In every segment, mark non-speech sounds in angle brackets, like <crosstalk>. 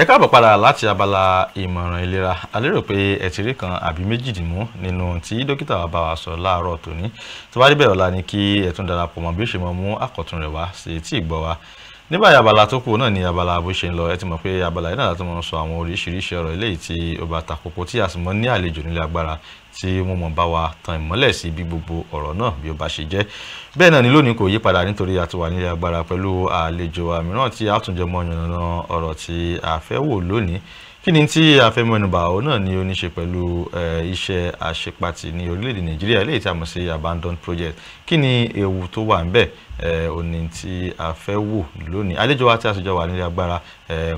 ẹ káàbọ̀ padà láti abala ìmọ̀ràn ìlera a lérò pé ẹ ti kan àbí méjì nínú tí dókítà wa bá wa sọ láàárọ̀ tòní tó bá débẹ̀ ọ̀la ni kí ẹ tún darapọ̀ mọ́ bí ó ṣe mọ́ mú àkọ́tún rẹ̀ wá sí etí ìgbọ́ wa ní báyìí abala tó kù náà ni abala bó ṣe ń lọ ẹ ti mọ̀ pé abala yìí náà láti mọ̀ sọ àwọn oríṣiríṣi ọ̀rọ̀ eléyìí tí ó bá ta kókó tí a sì mọ̀ ní àlejò nílé agbára tí wọ́n mọ̀ bá wa tan ìmọ́lẹ̀ sí bí gbogbo ọ̀rọ̀ náà bí ó bá ṣe jẹ́ bẹ́ẹ̀ náà ni lónìí kò yí padà nítorí a ti wà nílé agbára pẹ̀lú àlejò mìíràn tí a tún jẹ mọ́ yànnà ọ̀rọ̀ tí a fẹ́ wò lónìí kí ni tí a fẹ́ mẹ́nubà ọ náà ni ó ní ṣe pẹ̀lú iṣẹ́ àṣepatì ní orílẹ̀-èdè nàìjíríà eléyìí tí a mọ̀ sí abandoned project kí ni ewu tó wà ńbẹ̀ òní tí a fẹ́ wò lónìí àlejò tí a sì jọ wà nílé agbára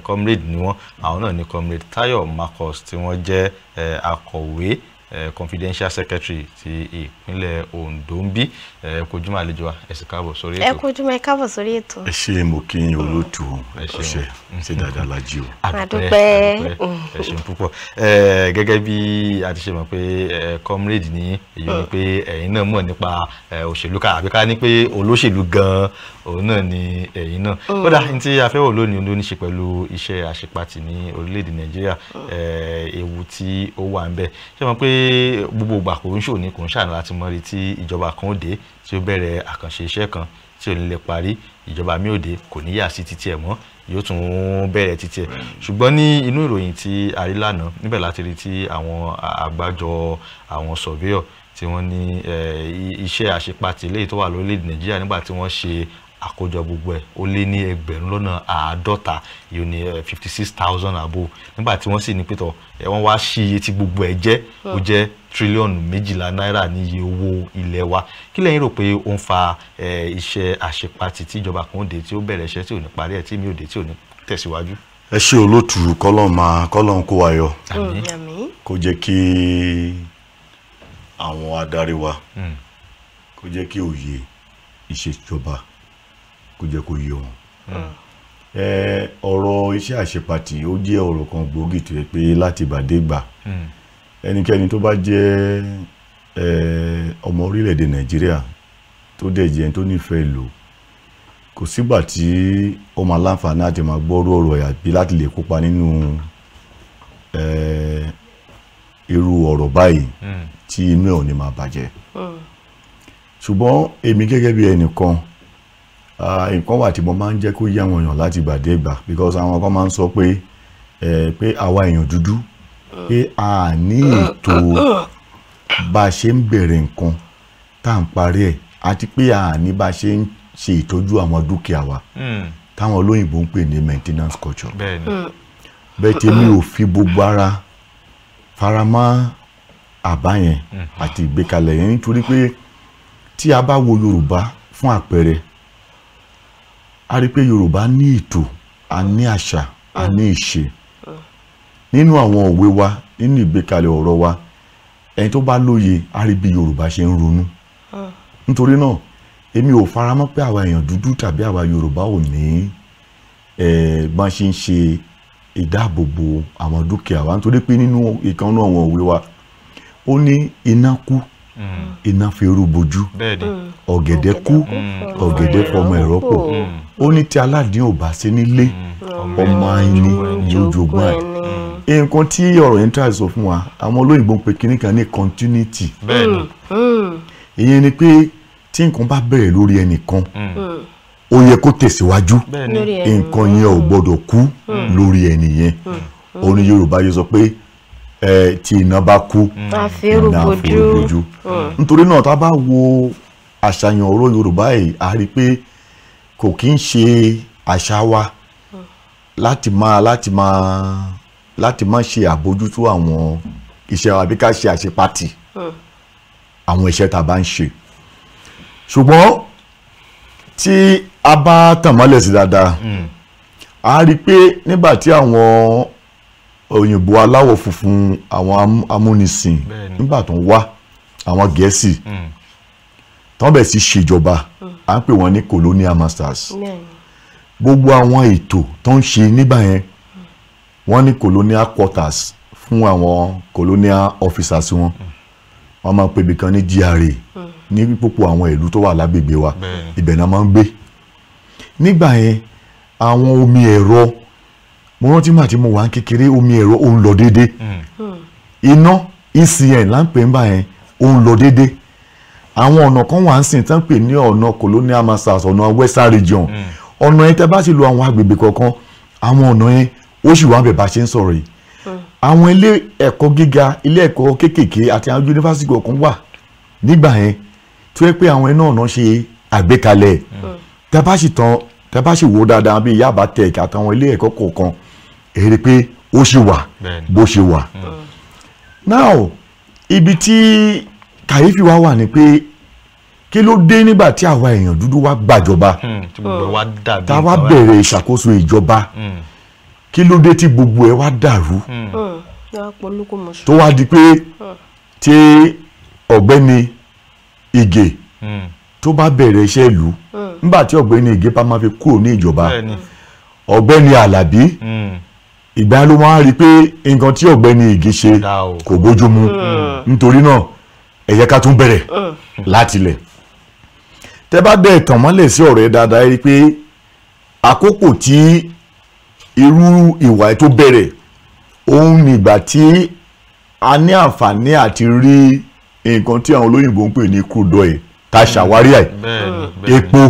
comrade ni wọ́n àwọn náà ni comrade Tayo Marcus tí wọ́n jẹ́ akọ̀wé Eh, confidential secretary ti ìpínlẹ̀ Ondo ń bí eh, ẹ kojúmọ́ àlejò wa ẹ sì káàbọ̀ sórí ètò. ẹ kojúmọ́ ẹ káàbọ̀ sórí ètò. ẹ ṣe mo kí n olóòtú ọṣẹ ṣe dáadáa la jí o. àdúpẹ́ ẹ ṣeun púpọ̀ eh, gẹ́gẹ́ bí a ti ṣe mọ̀ pé comrade ní èyí ni mm. pé ẹ̀yin náà mọ̀ nípa òṣèlú ká àbí ní pé olóṣèlú gan-an òun náà ni ẹ̀yin náà ó dá ní tí a fẹ́ wò lónìí ló ní ṣe pẹ̀lú iṣẹ́ àṣepatì ní orílẹ̀-èdè nàìjíríà mm. ewu tí ó wà ń bẹ ṣé mo pé gbogbo ìgbà kò ń ṣò ní kò ń ṣàná láti mọ retí ìjọba kan ó dé tí ó bẹ̀rẹ̀ àkànṣe iṣẹ́ kan tí ò ní lè parí ìjọba mi ò dé kò ní yà sí títí ẹ̀ mọ́ yóò tún bẹ̀rẹ̀ títí ẹ̀ mm. ṣùgbọ́n ní inú ìròyìn tí a rí lánàá níbẹ̀ láti rí tí àwọn àgbájọ àwọn surveyor tí wọ́n ní iṣẹ́ àṣepatì léyìí tó wà lórílẹ̀‐èdè nàìjíríà nígbà tí wọ́n ṣe àkójọ gbogbo ẹ̀ ó lé ní ẹgbẹ̀rún lọ́nà àádọ́ta yìí ní eh, fifty six thousand àbò nígbà tí wọ́n sì ní pẹ̀tọ̀ ẹ̀ eh, wọ́n wá sí iye tí gbogbo ẹ̀ jẹ́ ó jẹ́ tírílíọ̀nù méjìlá náírà ní iye owó ilẹ̀ wa kí lẹ́yìn rò pé ó ń fa eh, iṣẹ́ àṣepatì tí ìjọba kan ó dé tí ó bẹ̀rẹ̀ iṣẹ́ tí ò ní parí ẹ̀ tí mi ò dé tí ò ní tẹ̀síwájú ẹ ṣe olótù kọlọ́n máa kọlọ́n kó wa yọ kó jẹ́ kí àwọn adarí wa hmm. kó jẹ́ kí òye ìṣèjọba kó jẹ́ kó yé wọn. Hmm. ọ̀rọ̀ iṣẹ́ àṣepatì ó jẹ́ ọ̀rọ̀ kan gbòógì tó yẹ pé láti ìbàdégbà hmm. ẹnikẹ́ni tó bá jẹ́ ọmọ orílẹ̀-èdè nàìjíríà tó dẹ̀ jẹ́ tó nífẹ̀ẹ́ ìlú kò sígbà tí ó máa láǹfààní àti máa gbọ́rú ọ̀rọ̀ ẹ̀yà láti lè kópa nínú irú ọ̀rọ̀ báyìí hmm. tí inú ẹ̀ ò ní máa bàjẹ́ ṣùgbọ́n èmi gẹ́gẹ́ bí ẹnìkan nǹkan wà tí mo máa ń jẹ́ kó yé àwọn èèyàn láti ìgbà dé ìgbà because àwọn kan máa ń sọ pé pé àwa èèyàn dúdú pé a ní ètò bá a ṣe ń bẹ̀rẹ̀ nǹkan tá à ń parí ẹ̀ àti pé a ní bá a ṣe ń ṣe ìtọ́jú àwọn dúkìá wa hmm. táwọn olóyìnbó ń pè ní maintenance culture bẹ́ẹ̀ tí mi ò fi gbogbo ara faramọ́ àbá yẹn hmm. àti ìgbékalẹ̀ yẹn nítorí pé tí a bá wo Yorùbá fún àpẹẹrẹ a rí i pé yorùbá ní ìtò a ní àṣà a ní ìṣe nínú àwọn òwe wa nínú ìgbékalẹ̀ ọ̀rọ̀ wa ẹni tó bá lóye a rí bí yorùbá ṣe ń ronú nítorí náà èmi ò faramọ́ pé àwa èèyàn dúdú tàbí àwa yorùbá ò ní bá ṣe ń ṣe ìdáàbòbò àwọn dúkìá wa nítorí pé nínú ìkànnú àwọn òwe wa ó ní iná kú Mm. iná fi rú bojú mm. ọ̀gẹ̀dẹ̀ kú ọ̀gẹ̀dẹ̀ mm. fọmọ ẹ̀rọ pọ̀ ó ní tí aládìín ò bá sí nílé ọmọ àìní ni ojúgbọ́n ẹ̀ nǹkan tí ọ̀rọ̀ yẹn tàbí sọ fún wa àwọn olóyìnbó ń pe kinní kan ní continuity ìyẹn ni pé tí nǹkan bá bẹ̀rẹ̀ lórí ẹnìkan ó yẹ kó tẹ̀síwájú nǹkan yẹn ò gbọ́dọ̀ kú lórí ẹnìyẹn ó ní Yorùbá yóò sọ pé ẹ tí iná bá kú mm. iná àfojú mm. nítorí náà tá a bá wo àṣàyàn ọ̀rọ̀ Yorùbá yìí a rí i pé kò kí ń ṣe àṣà wa láti máa láti máa láti máa ṣe àbójútó àwọn iṣẹ́ àbí ká ṣe àṣepatì mm. àwọn iṣẹ́ tá a bá ń ṣe ṣùgbọ́n tí a bá tàn mọ́lẹ̀ sí dáadáa a rí i pé nígbà tí àwọn òyìnbó aláwọ̀ funfun àwọn amúnisìn nígbà tó ń wá àwọn gẹ̀ẹ́sì hmm. tán bẹ̀ sí ṣèjọba à ń pè wọ́n ní colonial masters gbogbo àwọn ètò tó ń ṣe nígbà yẹn wọ́n ní colonial quarters fún àwọn colonial officers wọn hmm. wọ́n máa ń pè ibìkan ní GRA hmm. ní púpọ̀ àwọn ìlú tó wà lágbègbè wa ibẹ̀ náà máa ń gbé nígbà yẹn àwọn omi ẹ̀rọ. E mo rántí mà tí mo wà ń kékeré omi ẹ̀rọ òun lọ déédéé hmm. iná ecn láǹpẹ̀ ń bà yẹn òun lọ déédéé àwọn ọ̀nà kan wà ń sìn tán pè ní ọ̀nà colonial masters ọ̀nà western region hmm. ọ̀nà yẹn tẹ́ bá sì lo àwọn agbègbè kọ̀ọ̀kan àwọn ọ̀nà yẹn ó sì wà ń bẹ̀ bá ṣe ń sọ̀rọ̀ yìí hmm. àwọn ilé ẹ̀kọ́ gíga ilé ẹ̀kọ́ kéékèèké àti àwọn yunifásitì kọ̀ọ̀kan wà nígbà yẹn tó yẹ pé àwọn iná ọ̀nà ṣe àgbékalẹ̀ tẹ́ bá sì tán tẹ́ bá sì wò dáadáa bíi Yaba Tech àtàwọn ilé ẹ̀kọ́ kọ̀ọ̀kan èrè pé ó ṣì wà bó ṣe wà hmm. now ibi tí kàyéfì wa wà ni pé kí ló dé nígbà tí àwa èèyàn dúdú hmm, wa gbàjọba hmm. tá a wá bẹ̀rẹ̀ ìṣàkóso ìjọba kí ló dé tí gbogbo ẹ̀ wá dàrú tó wá di pé tí ọ̀gbẹ́ni Ige tó bá bẹ̀rẹ̀ iṣẹ́ ìlú nígbà tí ọ̀gbẹ́ni Ige bá máa fi kúrò ní ìjọba ọ̀gbẹ́ni Àlàbí ìgbà ló máa ń rí i pé nǹkan tí ọ̀gbẹ́ni Ige ṣe kò bójú mu hmm. nítorí náà ẹ jẹ́ ká tún bẹ̀rẹ̀ hmm. láti ilẹ̀ tẹ́ bá dẹ̀ tàn mọ́lẹ̀ sí ọ̀rọ̀ ẹ dáadáa rí i pé àkókò tí irú ìwà tó bẹ̀rẹ̀ òun nígbà tí a ní àǹfààní àti rí nǹkan tí àwọn olóyìnbó ń pè ní crude oil tá a ṣàwárí hmm. ẹ̀ epo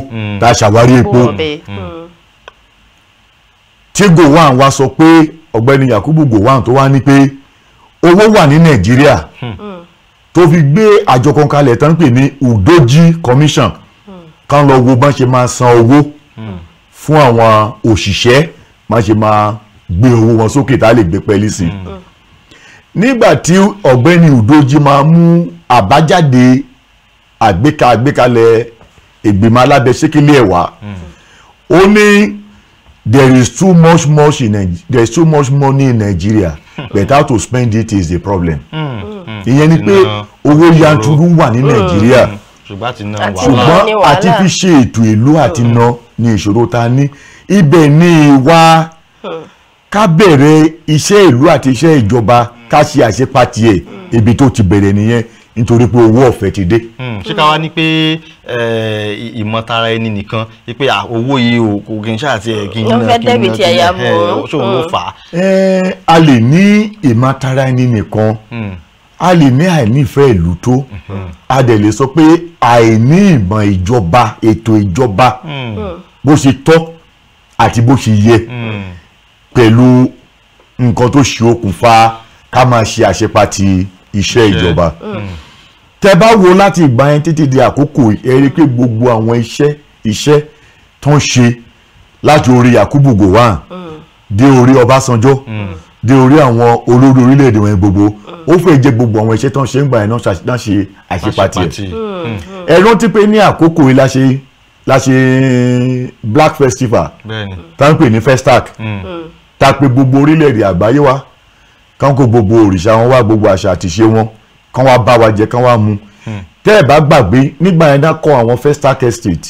tá a ṣàwárí epo tí Gowon wá sọ pé ọ̀gbẹ́ni Yakubu Gowon tó wá ní pé owó wà ní Nàìjíríà tó fi gbé àjọ kan kalẹ̀ tán pè ní Udoji Commission kán lọ wo bá ṣe máa san owó fún àwọn òṣìṣẹ́ má ṣe máa gbé owó wọn sókè tá a lè gbé pẹ́ẹ́lí sí i nígbà tí ọ̀gbẹ́ni Udoji máa mú àbájáde àgbékalẹ̀ ìgbìmọ̀ alábẹ́sẹ́kẹ́lẹ́ ẹ̀ ó ní there is too much much in there is too much money in Nigeria but how to spend it is the problem hmm. ìyẹn ni pé owó yanturu wà ní hmm. Nàìjíríà ṣùgbọ́n àti fi ṣe ètò ìlú àti ná ni ìṣòro ta ní ibẹ̀ ni ìwà ká bẹ̀rẹ̀ iṣẹ́ ìlú àti iṣẹ́ ìjọba ká ṣe àṣepatì ẹ̀ hmm. ibi tó ti bẹ̀rẹ̀ nìyẹn nítorí pé owó ọ̀fẹ́ ti dé. Hmm, ṣé ká wá ní pé ìmọ̀tara ẹni nìkan pé owó yìí kò kí n ṣáà ti ẹ̀ kí n náà kí n náà kí n ṣòwò ló hmm. fà á. a lè ní ìmọ̀tara ẹni nìkan hmm. a lè ní àìnífẹ́ ìlú tó a dẹ̀ lè sọ pé àìní ìmọ̀ ìjọba ètò ìjọba bó ṣe tọ́ àti bó ṣe yẹ pẹ̀lú nǹkan tó ṣe okùnfà ká máa ṣe àṣepatì iṣẹ́ ìjọba mm. Mm. tẹ bá wo láti ìgbà yẹn títí di àkókò ẹ rí i pé gbogbo àwọn iṣẹ́ iṣẹ́ tó ń ṣe láti orí Yakubu Gowon mm. dé orí Ọbásanjọ́ dé orí àwọn olórí orílẹ̀-èdè wọn gbogbo ó fẹ́ jẹ́ gbogbo àwọn iṣẹ́ tó ń ṣe ń gbà yẹn náà ṣe àṣepatì ẹ̀ ẹ rántí pé ní àkókò yìí la ṣe la ṣe Black Festival tá ń pè ní Festac tá a pè gbogbo orílẹ̀-èdè àgbáyé wa kán kó gbogbo òrìṣà wọn wá gbogbo àṣà àtìṣe wọn kán wá bá wa jẹ kán wá mu hmm. tẹ́ ẹ̀ bá gbàgbé nígbà yẹn náà kọ́ àwọn Festac Estate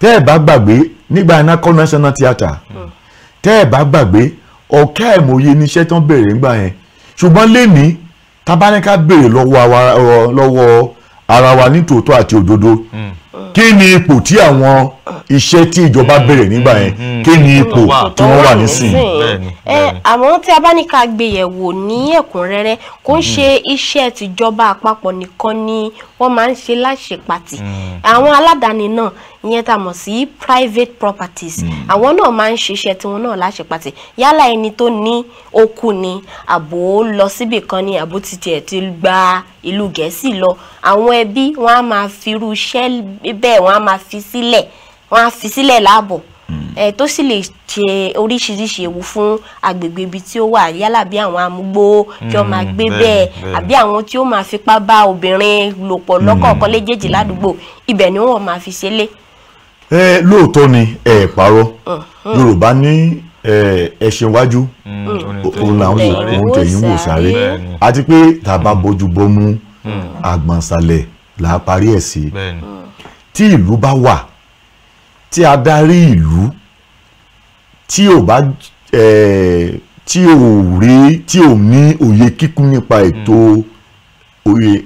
tẹ́ ẹ̀ bá gbàgbé nígbà yẹn náà kọ́ National Theatre hmm. tẹ́ ẹ̀ bá gbàgbé ọ̀kẹ́ àìmọye níṣẹ́ tán bẹ̀rẹ̀ ńgbà yẹn ṣùgbọ́n lẹ́ni tabaníká béèrè lọ́wọ́ ara wa nítòótọ́ àti òdodo hmm kí ni ipò tí àwọn iṣẹ́ tí ìjọba mm-hmm. bẹ̀rẹ̀ nígbà yẹn mm-hmm. kí ni ipò tí wọ́n wà nísìn. Mm-hmm. Eh, eh, àmọ́ tí a bá ní ká gbéyẹ̀wò ní ẹ̀kúnrẹ́rẹ́ kò ń ṣe iṣẹ́ tìjọba àpapọ̀ nìkan ni wọ́n máa ń ṣe láṣepàtì àwọn aládàáni náà ìyẹn tá a mọ̀ sí private properties àwọn náà máa ń ṣiṣẹ́ tiwọn náà láṣepàtì yálà ẹni tó ní okùn ni àbò lọ síbì kan ni àbò ti tiẹ̀ ti gba ìlú gẹ̀ẹ́sì lọ àwọn ẹbí wọn á máa firú iṣẹ́ bẹ́ẹ̀ bẹ́ẹ̀ wọ́n á máa fi sílẹ̀ wọ́n á fi sílẹ̀ láàbọ̀ hmm. ẹ tó sì lè ṣe oríṣiríṣi ewu fún agbègbè ibi tí ó wà yálà bí àwọn amúgbó tí ó máa hmm, gbé bẹ́ẹ̀ àbí àwọn tí ó máa fipá bá obìnrin lò pọ̀ hmm. lọ́kọ̀ọ̀kan léjèèjì ládùúgbò ibẹ̀ ni wọ́n máa fi ṣe lé. ẹ lóòótọ́ ni ẹ parọ́ yorùbá ní ẹṣin iwájú òun làwọn òun tẹ̀yìn wò sáré àti pé tàbá bójú bọ́mú àgbọ̀nsalẹ̀ là á parí ẹ̀ sí. bẹ́ẹ̀ ni tí ìlú bá wà tí adarí ìlú tí ò bá tí ò rí tí ò ní òye kíkún nípa ètò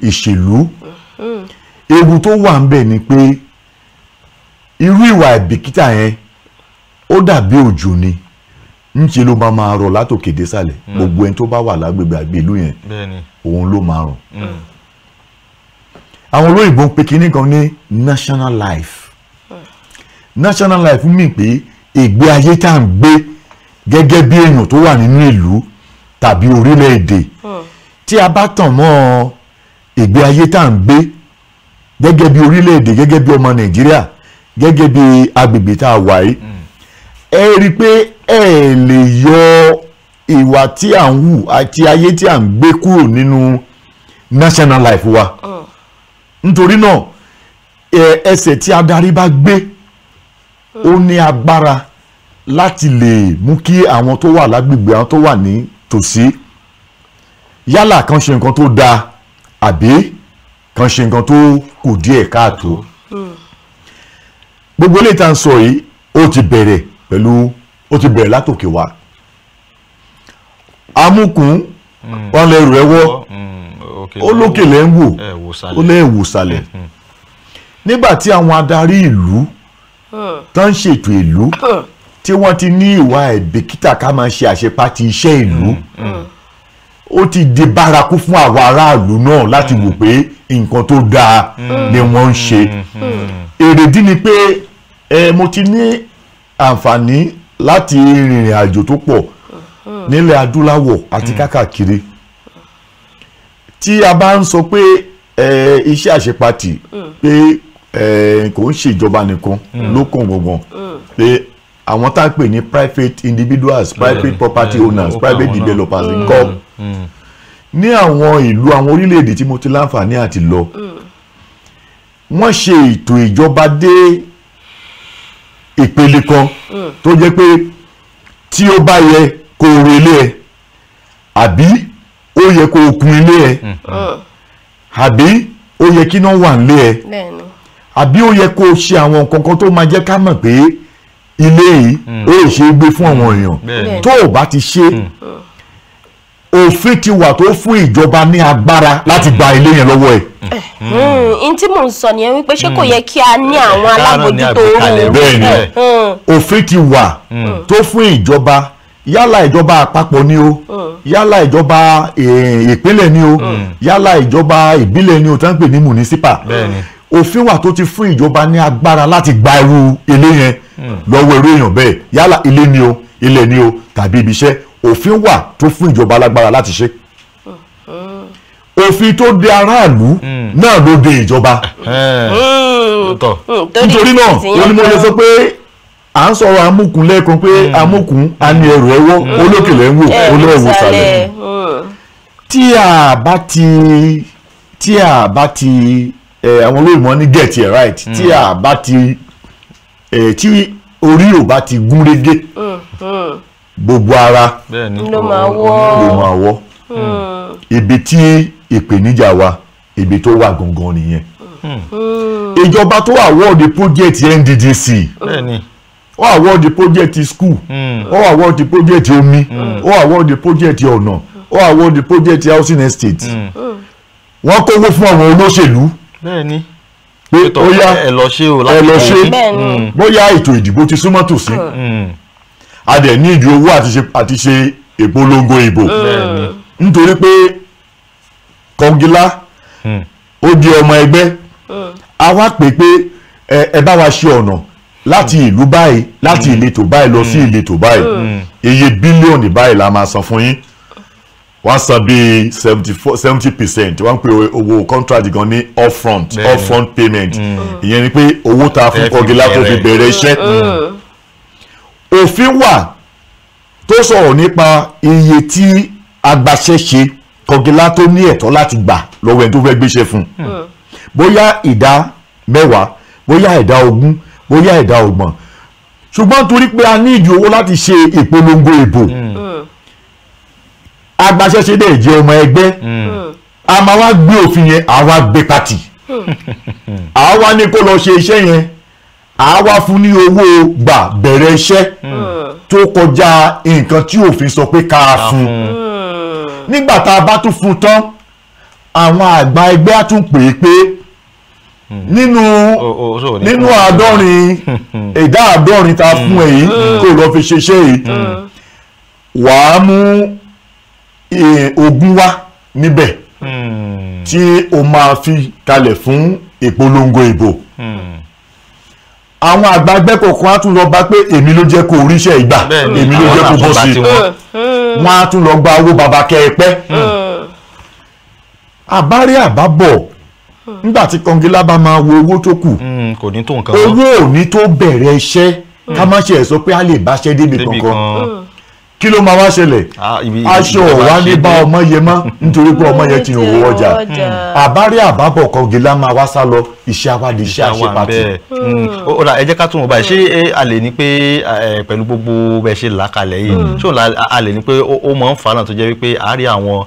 ìṣèlú ewu tó wà ń bẹ̀ ni pé irú ìwà ìbìkítà yẹn ó dàbí òjò ni ńṣe ló máa máa rọ̀ látòkè désàlẹ̀ mm. gbogbo ẹni tó bá wà lágbègbè àgbèlú yẹn òun ló máa rọ̀. Mm àwọn olóyìnbó ń pe kinní kan ní national life national life mí pé ìgbé ayé tá à ń gbé gẹ́gẹ́ bí èèyàn tó wà nínú ìlú tàbí orílẹ̀-èdè tí a bá tàn mọ́ ìgbé ayé tá à ń gbé gẹ́gẹ́ bí orílẹ̀-èdè gẹ́gẹ́ bí ọmọ nàìjíríà gẹ́gẹ́ bí agbègbè tá a wà yìí ẹ rí i pé ẹ lè yọ ìwà tí à ń hù àti ayé tí à ń gbé kúrò nínú national life wa. Mm nítorí náà ẹsẹ̀ tí adarí bá gbé ó ní agbára láti lè mú kí àwọn tó wà lágbègbè àwọn tó wà ní tòsí yálà kan ṣe nǹkan tó dáa àbí kan ṣe nǹkan tó kù díẹ̀ káàtó gbogbo eléyìí tá ń sọ yìí ó ti bẹ̀rẹ̀ pẹ̀lú ó ti bẹ̀rẹ̀ látòkè wá amúkùn mm. wọn lè rú ẹwọ́. Mm ó lókè lẹ́ ń wò ó lẹ́ wò sálẹ̀ hmm. nígbà tí àwọn adarí ìlú hmm. tán ń ṣètò ìlú hmm. tí wọ́n ti ní ìwà ẹ̀bìkítà ká máa ṣe àṣepàtì iṣẹ́ ìlú ó ti di bárakú fún àwọn aráàlú náà láti wò pé nǹkan tó dáa ni wọ́n ń ṣe èrèdí ni pé ẹ mo ti ní àǹfààní láti rìnrìn àjò tó pọ̀ nílẹ̀ adúláwọ̀ àti kákàkiri. Mm tí a bá ń sọ pé iṣẹ́ àṣepatì mm. pé kò ń ṣèjọba nìkan mm. ló kàn mm. pé àwọn tá a pè ní private individuals private property owners private developers nǹkan ní àwọn ìlú àwọn orílẹ̀-èdè tí mo ti láǹfààní àti lọ wọ́n ṣe ètò ìjọba dé ìpele kan tó jẹ́ pé tí ó bá yẹ kó o relé ẹ àbí ó yẹ kó o kun ilé ẹ hmm. Hmm. Hmm. àbí ó yẹ kí náà wà nílé ẹ àbí ó yẹ kó o ṣe àwọn nǹkan kan tó máa jẹ́ ká mọ̀ pé ilé yìí ó lè ṣe é gbé fún àwọn èèyàn tó o bá ti ṣe òfin ti wà tó fún ìjọba ní agbára láti gba ilé yẹn lọ́wọ́ ẹ. Eh, n tí mò ń sọ nìyẹn wípé ṣé kò yẹ kí a ní eh, àwọn alábòójútó orí. bẹ́ẹ̀ni eh, òfin ti wà tó fún ìjọba yálà ìjọba àpapọ̀ ni o mm. yálà ìjọba e, ìpínlẹ̀ ni o mm. yálà ìjọba ìbílẹ̀ ni o tí wọ́n ń pè ní municipal òfin wà tó ti fún ìjọba ní agbára láti gba irú ilé yẹn mm. lọ́wọ́ irú èèyàn bẹ́ẹ̀ yálà ilé ni o ilẹ̀ ni o tàbí ibi iṣẹ́ òfin wà tó fún ìjọba lágbára láti ṣe òfin tó de aráàlú náà ló de ìjọba nítorí náà onímọ̀ yẹn sọ pé à ń sọ̀rọ̀ amúkùn lẹ́ẹ̀kan pé hmm. amúkùn a ní ẹrù ẹwọ́ hmm. olókèlè ń wò olóòwò sàlẹ̀ tí a bá ti tí a bá ti àwọn olóyìnbó ní get it right hmm. tí a bá ti tí orí ò bá ti gún régé gbogbo ara ló máa wọ́ ibi tí ìpèníjà wa ibi tó wà gangan nìyẹn ìjọba tó wà wọ́ọ̀dì project NDDC. Bẹ́ẹ̀ni. Mm ó award project school hmm. ó award project omi hmm. ó award project ọ̀nà ó award project housing estate hmm. wọ́n kówó fún àwọn olóṣèlú pé ó yá ẹ lọ ṣe bóyá ètò ìdìbò ti súnmọ́ tòsí a dẹ̀ ní ìdí owó àti ṣe ìpolongo ìbò nítorí pé kọngilá ó di ọmọ ẹgbẹ́ a wá pè pé ẹ bá wa ṣe ọ̀nà láti ìlú báyìí láti mm. ìletò báyìí lọ sí mm. ìletò báyìí mm. iye bílíọ̀nù báyìí la máa san fún yín wọ́n san bíi seventy seventy percent wọ́n pe owó contract gan ní upfront upfront payment ìyẹn ni pé owó tá a fún kọgilá tó fi bẹ̀rẹ̀ iṣẹ́ òfin wà tó sọ̀rọ̀ nípa iye tí agbaṣẹ́ṣe kọgilá tó ní ẹ̀tọ́ láti gbà lọ́wọ́ ẹni tó fẹ́ gbéṣẹ́ fún bóyá ìdá mẹ́wàá bóyá ìdá ogún bóyá ẹ̀dá ọgbọ̀n ṣùgbọ́n torí pé a ní ìdí owó láti ṣe ìpolongo ìbò mm. mm. agbaṣẹ́ṣe dẹ̀ jẹ́ ọmọ ẹgbẹ́ mm. a máa wá gbé òfin yẹn àwa gbé pati àwa <laughs> ní kó lọ ṣe iṣẹ́ yẹn àwa fún ní owó gbà bẹ̀rẹ̀ iṣẹ́ tó kọjá nǹkan tí òfin sọ pé ká fún nígbà tá a bá tún fún tán àwọn àgbà ẹgbẹ́ á tún pè é pé nínú nínú àádọ́rin ìdá <laughs> àádọ́rin tá fún ẹ yìí mm. kó lọ fi ṣeṣẹ́ yìí mm. mm. wàá mú ogún wá níbẹ̀ tí o máa fi kalẹ̀ fún ìpolongo ìbò àwọn àgbàgbẹ́ kọ̀ọ̀kan á tún lọ bá pé èmi ló jẹ́ kó oríṣẹ́ ìgbà èmi ló jẹ́ kó bọ́ sí wọ́n á tún lọ gba owó baba kẹ́ẹ̀pẹ́ àbárí àbábọ̀ nígbà tí kọngilá bá máa wo owó tó kù hmm, owó ò ní tó bẹ̀rẹ̀ iṣẹ́ ká hmm. má ṣe ẹ̀ sọ pé a lè báṣẹ́ débi kankan hmm kí ló máa wá ṣẹlẹ̀ ah, aṣọ wa ní bá ọmọ yẹ mọ́ nítorí pé ọmọ yẹ ti òwò ọjà hmm. àbárí àbábọ̀ kan gíga máa wá sá lọ iṣẹ́ awádìí iṣẹ́ àṣepàtì. ó dà ẹ jẹ́ ká tún wọ́n báyìí ṣé hmm. a lè ní pé pẹ̀lú gbogbo bẹ́ẹ̀ ṣe làákàlẹ̀ yìí hmm. ṣé a lè ní pé ó máa ń fa náà tó jẹ́ wípé àárí àwọn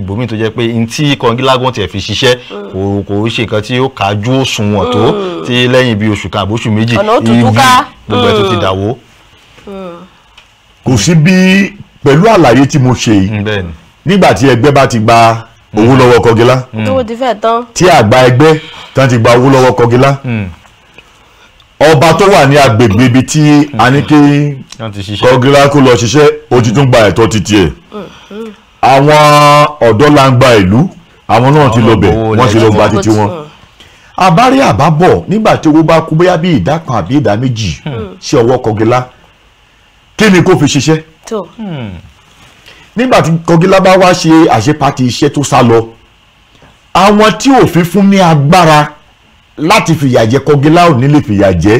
ibòmíì tó jẹ́ pé n tí kọ́ngílágùn tiẹ̀ fi ṣiṣẹ́ kò ṣe nǹkan tí ó kájú òṣùwọ̀n tó ti lẹ́yìn bíi oṣù kan àbóṣù méjì ìyí gbogbo ẹ̀ tó ti dàwó kò sí bí pẹ̀lú àlàyé tí mo ṣe yìí nígbà tí ẹgbẹ́ bá ti gba owó mm. lọ́wọ́ Kọgilá mm. tí àgbà ẹgbẹ́ tán ti gba owó lọ́wọ́ Kọgilá mm. ọba tó wà ní agbègbè ibi tí a ní kí Kọgilá kó lọ ṣiṣẹ́ ó ti tún gba ẹ̀tọ́ títí ẹ̀ mm-hmm. àwọn ọ̀dọ́ langba ìlú àwọn náà ti lọ bẹ̀ wọ́n ti lọ gba títí wọn àbárí àbábọ̀ nígbà tí owó bá kú bóyá bí ìdá kan àbí ìdá méjì sí ọwọ́ Kọgilá kí ni kó fi ṣiṣẹ́. tó. Hmm. nígbà tí kọgílá bá wá ṣe àṣepàtì iṣẹ́ tó sá lọ àwọn tí òfin fún ní agbára láti fìyà jẹ kọgílá ò ní lè fìyà jẹ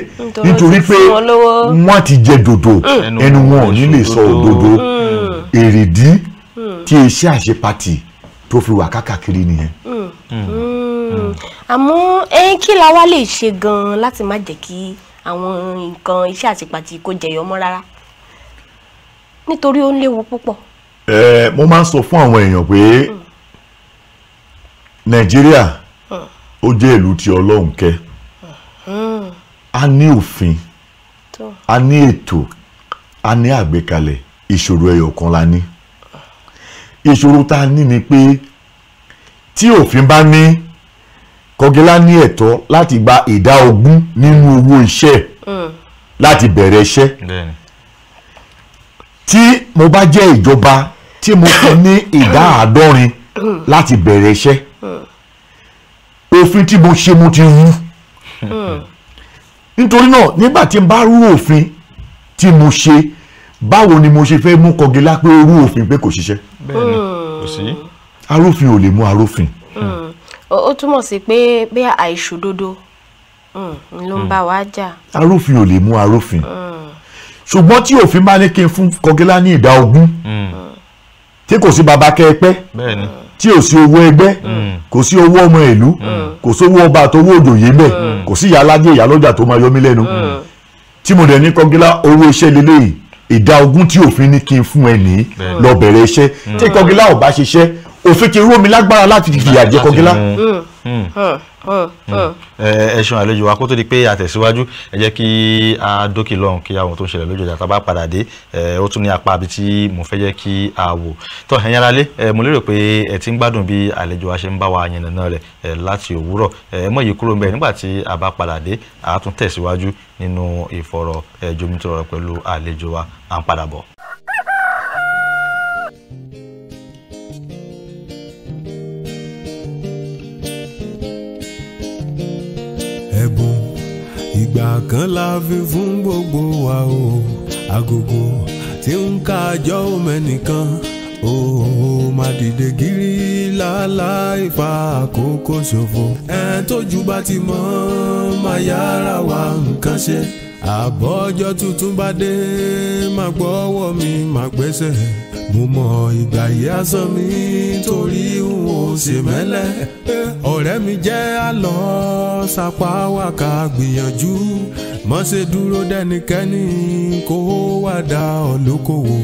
nítorí pé wọ́n ti jẹ dòdò hmm. ẹnu wọn ò ní lè sọ òdodo hmm. èrèdí tí iṣẹ́ àṣepàtì tó fi wà kákàkiri nìyẹn. àmọ́ kí la wá lè ṣe gan-an láti má jẹ́ kí àwọn nǹkan iṣẹ́ àṣepàtì kó jẹyọ mọ́ rárá nítorí ó ń léwu púpọ̀. ẹ mo máa ń sọ fún àwọn èèyàn pé nàìjíríà hmm. ó jẹ́ ìlú tí ọlọ́run kẹ́ hmm. a ní òfin a ní ètò a ní àgbékalẹ̀ ìṣòro ẹyọ kan la ní ìṣòro tá a ní ni pé tí òfin bá ní kọgilá ní ẹ̀tọ́ láti gba ìdá ogún nínú owó iṣẹ́ hmm. láti bẹ̀rẹ̀ iṣẹ́ tí mo bá jẹ́ ìjọba tí mo fún ní ìdá àádọ́rin láti bẹ̀rẹ̀ iṣẹ́ òfin tí mo ṣe mo ti rú nítorí náà nígbà tí n bá rú òfin tí mo ṣe báwo ni mo ṣe fẹ́ mú kọgilá pé orú òfin pé kò ṣiṣẹ́. arúfin ò lè mú arúfin. ó túmọ̀ sí pé bí àìṣòdodo hmm, ló ń bá wa jà. arúfin ò lè mú arúfin. Mm ṣùgbọ́n tí òfin bá ní kí n fún kọgílá ní ìdá ogún tí kò sí baba kẹ́ẹ̀pẹ́ tí ò sí owó ẹgbẹ́ hmm. kò sí owó ọmọ ìlú hmm. kò sí owó ọba àtọwọ́ òjòyè bẹ́ẹ̀ hmm. kò sí ìyá alájẹ ìyá lọ́jà tó máa yọ mí lẹ́nu tí mo dẹ̀ ní kọgílá owó iṣẹ́ lélẹ́yìí ìdá ogún tí òfin ní kí n fún ẹ nìyí lọ bẹ̀rẹ̀ iṣẹ́ tí kọgílá ò bá ṣiṣẹ́ òfin ti rómi lágbára láti fìyà jẹ Kọgilá. Mm. Mm. Mm. ẹ ṣeun àlejò wa kó tó di pé a tẹ̀síwájú ẹ jẹ́ kí a dókì lọ́hùn kí àwọn tó ń ṣẹlẹ̀ lójú ọjà tá a bá padà dé ó tún ní apá àbí tí mo fẹ́ jẹ́ kí a wò tó ẹ̀yin ará lé mo lérò pé ẹ ti ń gbádùn bí àlejò wa ṣe ń bá wa yànnàná rẹ̀ láti òwúrọ̀ ẹ mọ̀ yìí kúrò ń bẹ̀ nígbà tí a bá padà dé a tún tẹ̀síwájú nínú ìfọ̀rọ̀ jomitoro pẹ̀lú àlejò wa à ń padà bọ̀. ìgbà kan la fi fún gbogbo wa o agogo tí ń ka àjọ mẹ́nìkan o má dìde gírí láláì fa àkókò ṣòfò ẹ tójú bá ti mọ́ má yára wa nǹkan ṣe àbọ̀jọ́ tuntun bá dé má gbọ́wọ́ mi má gbẹ́sẹ̀ mo mọ ìgbà yìí aṣọ mi torí n ò ṣe mẹ́lẹ̀ ọ̀rẹ́ mi jẹ́ àlọ́ sapá wákà gbìyànjú má ṣe dúró dẹ́nikẹ́ni kó wá dá ọ lókòwò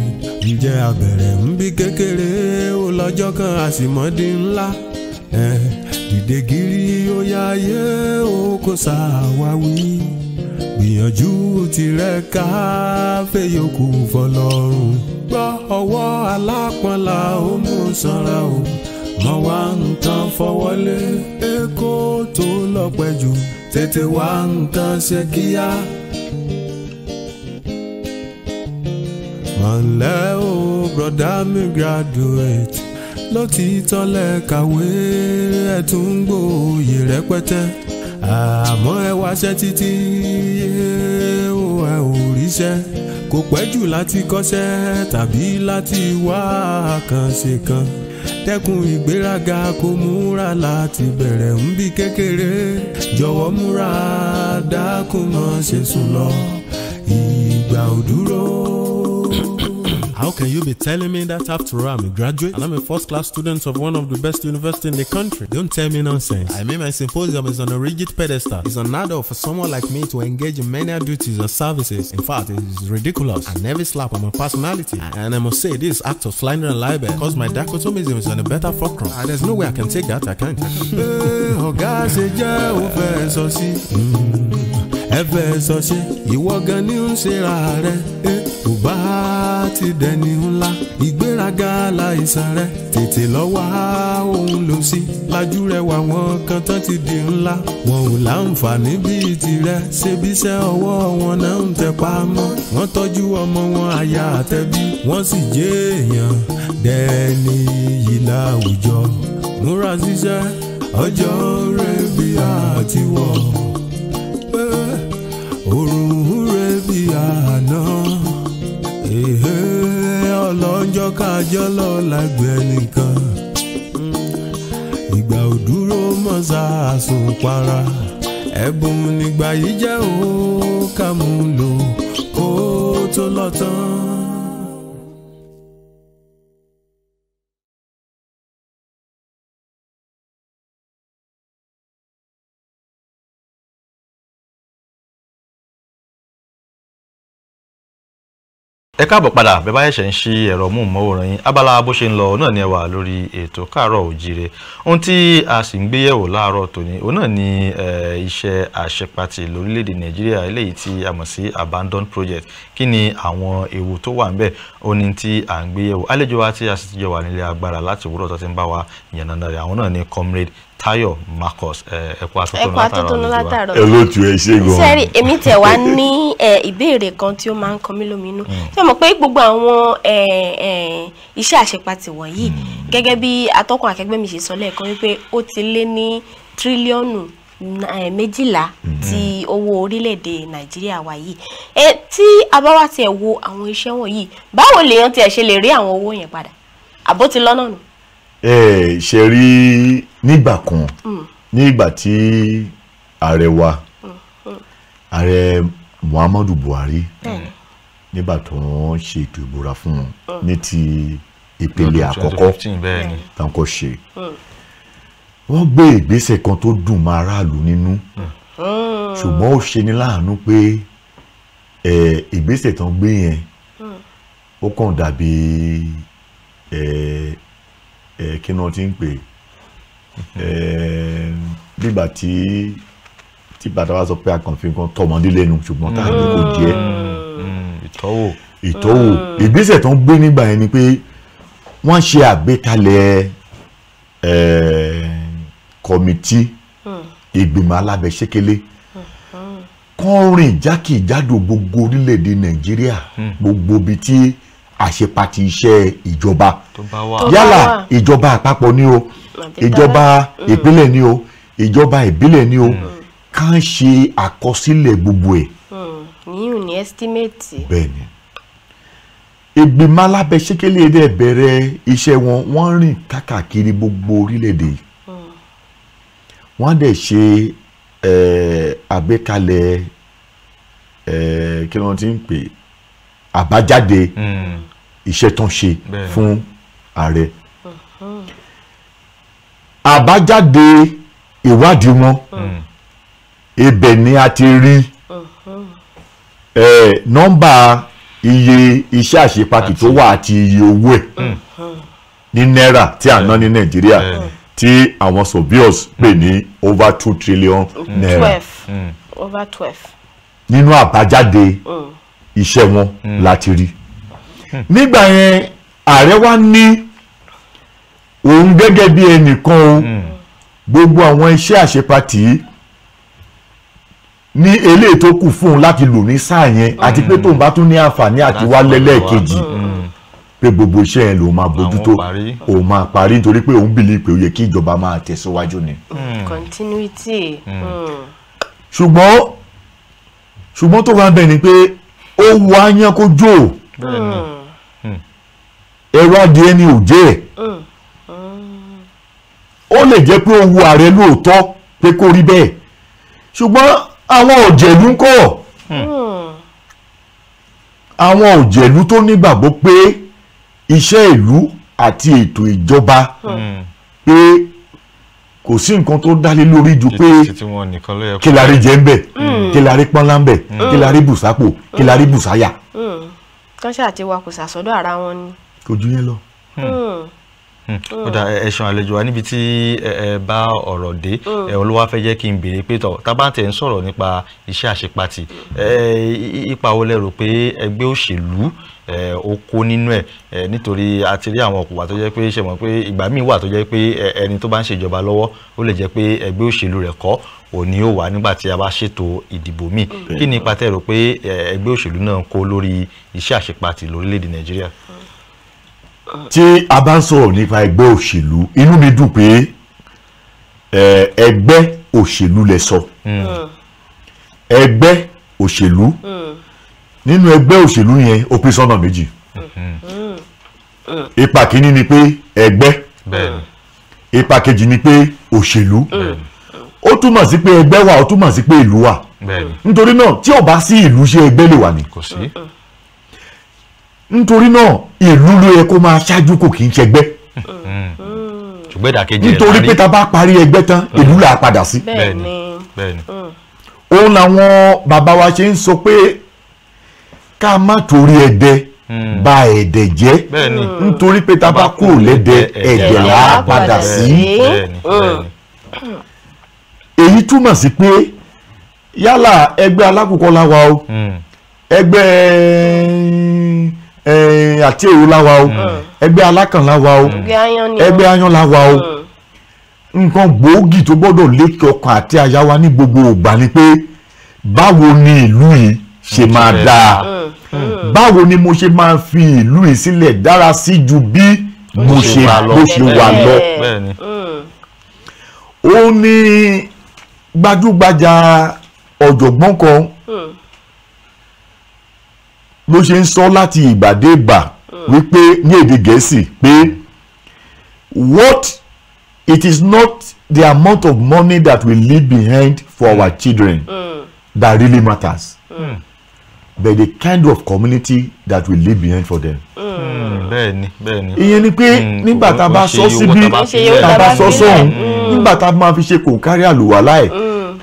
ǹjẹ́ abẹ̀rẹ̀ ń bí kékeré ó lọ́jọ́ kan àsìmọ́dí ńlá dìde ó yá ayé ó kó sáà wá wí gbìyànjú tirẹ̀ ká fẹ́yọkù fọlọ́run gbọ́ ọwọ́ alápọ̀nlá ó mú sanra o mọ wá nǹkan fọwọ́lé èkó tó lọ́pẹ́ jù tètè wá nǹkan ṣe kíá. mọ̀lẹ́ o broda mi graduate ló ti tọ́lẹ̀ kàwé ẹ̀ tún rẹpẹtẹ àmọ́ ẹ wáṣẹ́ títí ẹ ò ríṣẹ́ kò pẹ́ jù láti kọ́ṣẹ́ tàbí láti wá àkànṣe kan dẹ́kun ìgbéraga kó múra láti bẹ̀rẹ̀ ń bí kékeré jọ̀wọ́ múra dákun ṣe sùn lọ ìgbà ò How can you be telling me that after I'm a graduate and I'm a first class student of one of the best universities in the country? Don't tell me nonsense. I mean my symposium is on a rigid pedestal. It's unheard of for someone like me to engage in many duties or services. In fact, it is ridiculous. I never slap on my personality. And I must say this act of slander and libel caused my dichotomism is on a better fulcrum. And ah, there's no way I can take that, I can't. <laughs> Eh, mm-hmm. ẹ fẹ́ sọ sí ìwọ gan ni ń ṣe ra rẹ. Eh, bá ti dẹni ńlá ìgbéraga láìsàn rẹ tètè lọ́wọ́ òun lò sí lajú rẹ wà wọ́n kan tán ti di ńlá wọn ò láǹfààní bíi tirẹ̀ ṣebíṣẹ́ ọwọ́ wọn náà ń tẹpá mọ́ wọ́n tọ́jú ọmọ wọn aya àtẹbí wọ́n sì jẹ́ èèyàn dẹni yìí láwùjọ múra ṣiṣẹ́ ọjọ́ rẹ̀ bí àtiwọ́ pé òrùn rẹ̀ bí àná ọlọ́njọ́ kájọ́ lọ́la gbẹ nìkan ìgbà ò dúró mọ́sá àsùnpara ẹ̀bùn nígbà yìí jẹ́ ó kà kó tó lọ́tàn. ẹ káàbọ̀ padà bẹ́ẹ̀ bá ẹ̀ṣẹ̀ ń ṣí ẹ̀rọ móhùnmáwòrán yín abala bó ṣe ń lọ náà ni ẹ wà lórí ètò káàárọ̀ òjíire ohun tí a sì ń gbéyẹ̀wò láàárọ̀ tòní òun náà ni iṣẹ́ àṣepatì lórílẹ̀‐èdè nàìjíríà eléyìí tí a mọ̀ sí abandon project kí ni àwọn ewu tó wà ńbẹ̀ òní tí a ń gbéyẹ̀wò àlejò wa tí a sì ti jọ wà nílé agbára láti òwúrọ̀ tó ti ń bá wa yànnàná rẹ̀ àwọn náà ni Táyọ̀ Marcus ẹkọ atótónu látàrọ látàrọ ẹ tu ẹ ṣe gan. sẹ́rí èmi tẹ̀ wá <laughs> ní ìbéèrè kan tí ó máa ń kan mí lóminú mm. ṣé mo pé gbogbo àwọn iṣẹ́ àṣepatì wọ̀nyí mm. gẹ́gẹ́ bí atọ́kùn akẹgbẹ́ mi ṣe sọ lẹ́ẹ̀kan wípé ó ti lé ní tírílíọ̀nù méjìlá mm. ti owó orílẹ̀-èdè Nàìjíríà wa yìí ẹ tí a bá wá tiẹ̀ wo àwọn iṣẹ́ wọ̀nyí báwo lèèyàn tiẹ̀ ṣe lè rí àwọn owó yẹn padà àbó nù ṣe rí nígbà kan mm. nígbà tí ààrẹ wa mm, mm. ààrẹ Muhammadu Buhari nígbà tó ń ṣe ètò ìbúra fún un ní ti ìpele àkọ́kọ́ táwọn ṣe wọ́n gbé ìgbésẹ̀ kan tó dùn mọ́ aráàlú nínú ṣùgbọ́n ó ṣe ní láàánú pé ìgbésẹ̀ tán gbé yẹn ó kàn dàbí ẹ kí ni wọn ti ń pè ẹ bígbà tí tí bàtà wa sọ pé àkànfin tọmọdé lẹ́nu ṣùgbọ́n tá a ní kò jẹ mm. ìtọ́wò ìtọ́wò ìgbésẹ̀ tó ń gbé nígbà yẹn ni pé wọ́n ṣe àgbékalẹ̀ ẹ kọ́mítì mm. ìgbìmọ̀ alábẹ́sẹ́kẹ́lé mm. kán rìn jákèjádò gbogbo orílẹ̀-èdè nàìjíríà gbogbo ibi tí àṣepàtì iṣẹ́ ìjọba yálà ìjọba àpapọ̀ ni o ìjọba mm. ìpínlẹ̀ ni o ìjọba ìbílẹ̀ ni o mm. kàn ṣe àkọsílẹ̀ gbogbo ẹ̀. Mm. yíyún ní ẹ́stímẹ́ẹ̀tì. bẹ́ẹ̀ni ìgbìmọ̀ alábẹ́sẹ́kẹ́lé ẹ̀dẹ́ bẹ̀rẹ̀ iṣẹ́ wọn wọ́n rìn káàkiri gbogbo orílẹ̀-èdè wọ́n dẹ̀ ṣe àgbékalẹ̀ kí wọ́n ti ń pè àbájáde iṣẹ́ tó ṣe fún ààrẹ àbájáde ìwádìí wọn hmm. ibẹ̀ ni a ti rí eh, nọ́mbà iye iṣẹ́ àṣepakì tó wà àti iye owó ẹ̀ hmm. ní náírà tí a ná ní hmm. nàìjíríà tí àwọn sobios pè ní over two trillion naira over twelve nínú àbájáde iṣẹ́ wọn láti rí nígbà yẹn ààrẹ wa ní òun gẹ́gẹ́ bí ẹnìkan o hmm. gbogbo àwọn iṣẹ́ àṣepatì ní eléyìí tó kù fún un láti lò ní sáà yẹn àti pé hmm. tóun bá tún ní àǹfààní àti wá lẹ́lẹ́ẹ̀kejì hmm. pé gbogbo iṣẹ́ yẹn lòun máa bójútó òun máa parí nítorí pé òun bìlí pé ó yẹ kí ìjọba máa tẹ̀síwájú ni. continuity. ṣùgbọ́n ṣùgbọ́n tó bá bẹ̀ ni pé ó wọ ayankojo. bẹ́ẹ̀ ni ẹ̀rọ adìẹ ni ò jẹ́ ẹ̀ mm. ó lè jẹ́ pé ó wu ààrẹ lóòótọ́ pé kó rí bẹ́ẹ̀ ṣùgbọ́n àwọn òjèlú ń kọ́ mm. àwọn òjèlú tó nígbàgbọ́ pé iṣẹ́ ìlú àti ètò ìjọba mm. pé kò sí nǹkan tó dálé lórí ju pé kí la ń bẹ kí pọ́nlá ń bẹ kí la rí bùsápò kí àti wakùsà sọ́dọ̀ ara wọn ni kò ju yẹn lọ kódà hmm. hmm. hmm. ẹ̀sùn àlejò wa níbi tí ẹ bá ọ̀rọ̀ dé ẹ olúwa fẹ́ jẹ́ kí n béèrè pé tọ́ tábà tẹ̀ ń sọ̀rọ̀ nípa iṣẹ́ àṣepatì ipa wo lẹ rò pé ẹgbẹ́ òṣèlú ó kó nínú ẹ̀ nítorí a ti rí àwọn ọ̀pọ̀wà tó jẹ́ pé ṣe mọ̀ pé ìgbà míì wà tó jẹ́ pé ẹni tó bá ń ṣèjọba lọ́wọ́ ó lè jẹ́ pé ẹgbẹ́ òṣèlú rẹ̀ kọ́ òní ó wà nígbà tí a bá ṣètò ìdìbò míì kí ni ipa tẹ́ pé ẹgbẹ́ òṣèlú náà kó lórí iṣẹ́ àṣepatì lórílẹ̀ Nàìjíríà tí a bá ń sọ̀rọ̀ nípa ẹgbẹ́ òṣèlú inú mi dùn pé ẹgbẹ́ òṣèlú lẹ sọ hmm. ẹgbẹ́ òṣèlú hmm. nínú ẹgbẹ́ òṣèlú yẹn ó pín sọ́nà méjì hmm. ipa kìíní ni pé ẹgbẹ́ ipa kejì ni pé òṣèlú ó túmọ̀ sí pé ẹgbẹ́ wà ó túmọ̀ sí pé ìlú wà nítorí náà tí ò bá sí ìlú ṣé ẹgbẹ́ lè wà ní. kò sí nítorí náà ìlú ló yẹ kó máa ṣáájú kò kì í ṣẹgbẹ́ ṣùgbọ́n ìdàkejì ẹ̀ nítorí pé ta bá parí ẹgbẹ́ tán mm. ìlú là á padà sí. bẹ́ẹ̀ni bẹ́ẹ̀ni. òun làwọn bàbá wa ṣe ń sọ pé ká má torí ẹdẹ mm. bà ẹ̀dẹ̀ jẹ́ nítorí pé ta bá kúrò lẹ́dẹ̀ ẹ̀dẹ̀ là á padà sí. Mm. èyí túmọ̀ sí pé yálà ẹgbẹ́ alákùkọ la wa o ẹgbẹ́ Eh, àti èrò láwa mm. mm. o ẹgbẹ́ alákàn láwa o ẹgbẹ́ ayan láwa o nǹkan gbòógì tó gbọ́dọ̀ lékè ọkàn àti àyà wa ní gbogbo ògbà ni pé báwo ni ìlú yìí ṣe mm. máa dáa báwo ni mo ṣe máa fi ìlú yìí sílẹ̀ dára sí ju bí mo ṣe wà lọ ó ní gbajúgbajà ọ̀jọ̀gbọ́n kan ló ṣe ń sọ láti ìgbàdégbà hmm. wípé ní èdè gẹ̀ẹ́sì pé what it is not the amount of money that we leave behind for mm. our children mm. that really matters mm. but the kind of community that we leave behind for them. Hmm. Hmm, bẹ́ẹ̀ni bẹ́ẹ̀ni. ìyẹn ni pé nígbà tá a bá sọ síbi tá a bá sọ sọ́hún nígbà tá a máa fi ṣe kò kárí àlùwàlá ẹ̀